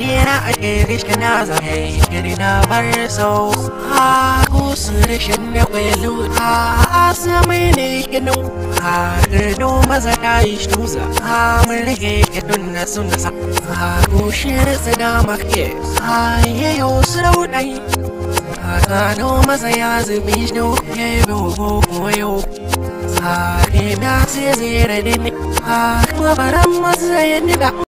dina ake gerish na zahe giri na bar sau a kusa rashin da kwailu a samai ne ginu a gardo maza ta yi shuza a mulke gidun na sun sa a kushin su da make a yayo su raudai a gano maza ya zubi shi ya yi dogo koyo a ina sai zai radin a kuma baran maza ya nida